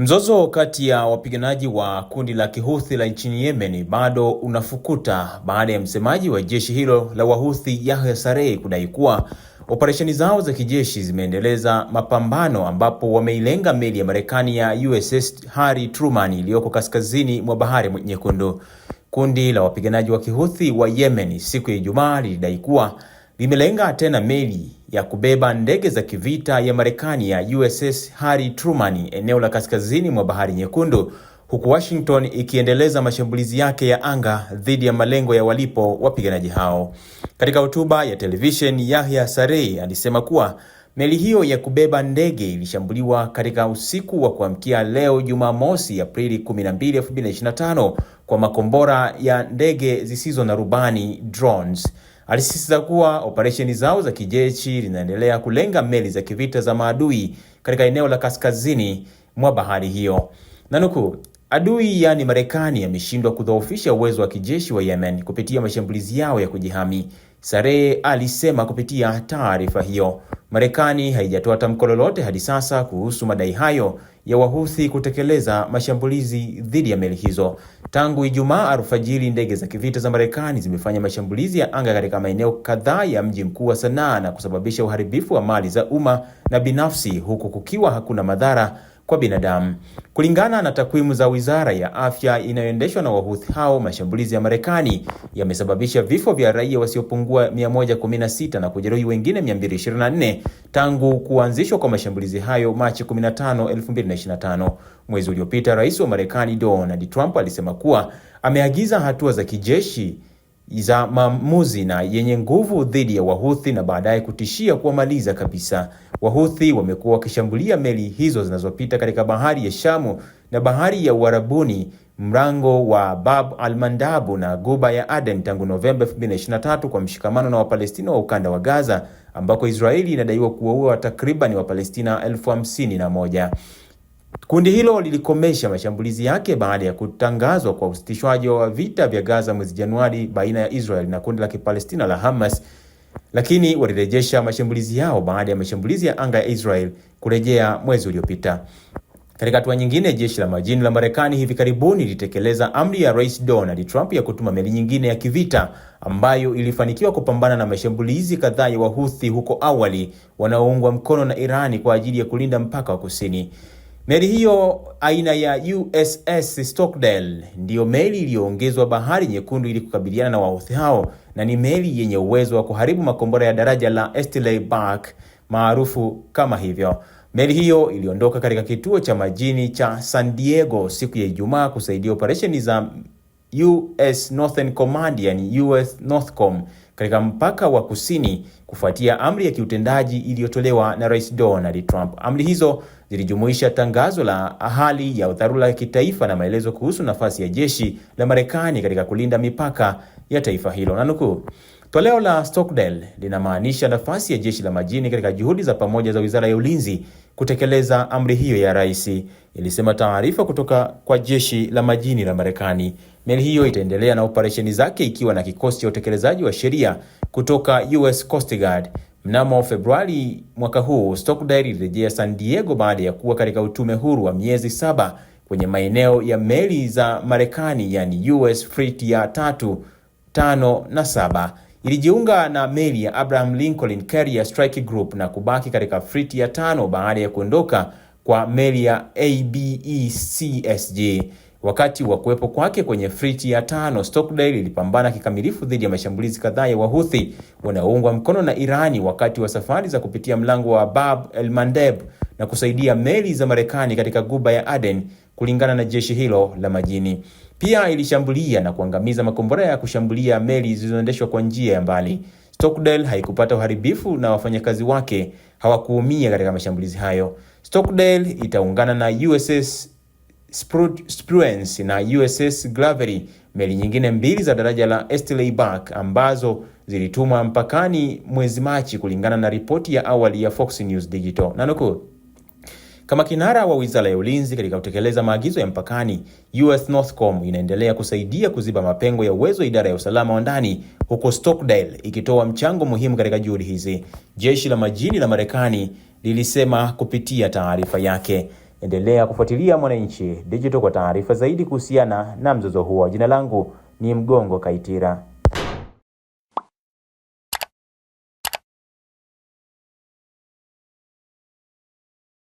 Mzozo kati ya wapiganaji wa kundi la Kihouthi la nchini Yemen bado unafukuta baada ya msemaji wa jeshi hilo la Wahouthi, Yahya Saree, kudai kuwa operesheni zao za kijeshi zimeendeleza mapambano ambapo wameilenga meli ya Marekani ya USS Harry Truman iliyoko kaskazini mwa Bahari Nyekundu. Kundi la wapiganaji wa Kihouthi wa Yemen siku ya Ijumaa lilidai kuwa limelenga tena meli ya kubeba ndege za kivita ya Marekani ya USS Harry Truman eneo la kaskazini mwa Bahari Nyekundu, huku Washington ikiendeleza mashambulizi yake ya anga dhidi ya malengo ya walipo wapiganaji hao. Katika hotuba ya televisheni, Yahya Sarei alisema kuwa meli hiyo ya kubeba ndege ilishambuliwa katika usiku wa kuamkia leo Jumamosi, Aprili 12, 2025 kwa makombora ya ndege zisizo na rubani drones. Alisisitiza kuwa operesheni zao za kijeshi linaendelea kulenga meli za kivita za maadui katika eneo la kaskazini mwa bahari hiyo. Nanukuu, adui yaani Marekani ameshindwa kudhoofisha uwezo wa kijeshi wa Yemen kupitia mashambulizi yao ya kujihami Sare alisema kupitia taarifa hiyo. Marekani haijatoa tamko lolote hadi sasa kuhusu madai hayo ya Wahuthi kutekeleza mashambulizi dhidi ya meli hizo. Tangu Ijumaa alfajiri, ndege za kivita za Marekani zimefanya mashambulizi ya anga katika maeneo kadhaa ya mji mkuu wa Sanaa na kusababisha uharibifu wa mali za umma na binafsi, huku kukiwa hakuna madhara kwa binadamu. Kulingana na takwimu za Wizara ya Afya inayoendeshwa na Wahuthi hao, mashambulizi ya Marekani yamesababisha vifo vya raia wasiopungua 116 na kujeruhi wengine 224 tangu kuanzishwa kwa mashambulizi hayo Machi 15, 2025. Mwezi uliopita, Rais wa Marekani Donald Trump alisema kuwa ameagiza hatua za kijeshi za maamuzi na yenye nguvu dhidi ya Wahuthi na baadaye kutishia kuwamaliza kabisa. Wahuthi wamekuwa wakishambulia meli hizo zinazopita katika bahari ya Shamu na bahari ya Uarabuni, mlango wa Bab al-Mandabu na guba ya Aden tangu Novemba 2023 kwa mshikamano na Wapalestina wa ukanda wa Gaza ambako Israeli inadaiwa kuwaua takriban Wapalestina elfu hamsini na moja. Kundi hilo lilikomesha mashambulizi yake baada ya kutangazwa kwa usitishwaji wa vita vya Gaza mwezi Januari baina ya Israel na kundi la Kipalestina la Hamas, lakini walirejesha mashambulizi yao baada ya mashambulizi ya anga ya Israel kurejea mwezi uliopita. Katika hatua nyingine, jeshi la majini la Marekani hivi karibuni lilitekeleza amri ya Rais Donald Trump ya kutuma meli nyingine ya kivita ambayo ilifanikiwa kupambana na mashambulizi kadhaa ya Wahuthi huko awali wanaoungwa mkono na Irani kwa ajili ya kulinda mpaka wa kusini. Meli hiyo aina ya USS Stockdale ndiyo meli iliyoongezwa Bahari Nyekundu ili kukabiliana na wauthi hao na ni meli yenye uwezo wa kuharibu makombora ya daraja la Estley bark maarufu kama hivyo. Meli hiyo iliondoka katika kituo cha majini cha San Diego siku ya Ijumaa kusaidia operesheni za US Northern Command, yani US Northcom katika mpaka wa kusini kufuatia amri ya kiutendaji iliyotolewa na Rais Donald Trump. Amri hizo zilijumuisha tangazo la hali ya dharura ya kitaifa na maelezo kuhusu nafasi ya jeshi la Marekani katika kulinda mipaka ya taifa hilo. Nanukuu, Toleo la Stockdale linamaanisha nafasi ya jeshi la majini katika juhudi za pamoja za Wizara ya Ulinzi kutekeleza amri hiyo ya rais, ilisema taarifa kutoka kwa jeshi la majini la Marekani. Meli hiyo itaendelea na operesheni zake ikiwa na kikosi cha utekelezaji wa sheria kutoka US Coast Guard. Mnamo Februari mwaka huu, Stockdale ilirejea San Diego baada ya kuwa katika utume huru wa miezi saba kwenye maeneo ya meli za Marekani, yani US Fleet ya tatu, tano na saba ilijiunga na meli ya Abraham Lincoln Carrier Strike Group na kubaki katika friti ya tano baada ya kuondoka kwa meli ya ABECSG. Wakati wa kuwepo kwake kwenye friti ya tano, Stockdale ilipambana kikamilifu dhidi ya mashambulizi kadhaa ya Wahuthi wanaoungwa mkono na Irani wakati wa safari za kupitia mlango wa Bab el Mandeb na kusaidia meli za Marekani katika guba ya Aden, kulingana na jeshi hilo la majini. Pia ilishambulia na kuangamiza makombora ya kushambulia meli zilizoendeshwa kwa njia ya mbali. Stockdale haikupata uharibifu na wafanyakazi wake hawakuumia katika mashambulizi hayo. Stockdale itaungana na USS Spruance na USS Gravely, meli nyingine mbili za daraja la Estley Burke ambazo zilitumwa mpakani mwezi Machi kulingana na ripoti ya awali ya Fox News Digital. Nanukuu, kama kinara wa Wizara ya Ulinzi katika kutekeleza maagizo ya mpakani, US Northcom inaendelea kusaidia kuziba mapengo ya uwezo wa Idara ya Usalama wa Ndani huko Stockdale, ikitoa mchango muhimu katika juhudi hizi, Jeshi la Majini la Marekani lilisema kupitia taarifa yake. Endelea kufuatilia Mwananchi Digital kwa taarifa zaidi kuhusiana na mzozo huo. Jina langu ni Mgongo Kaitira.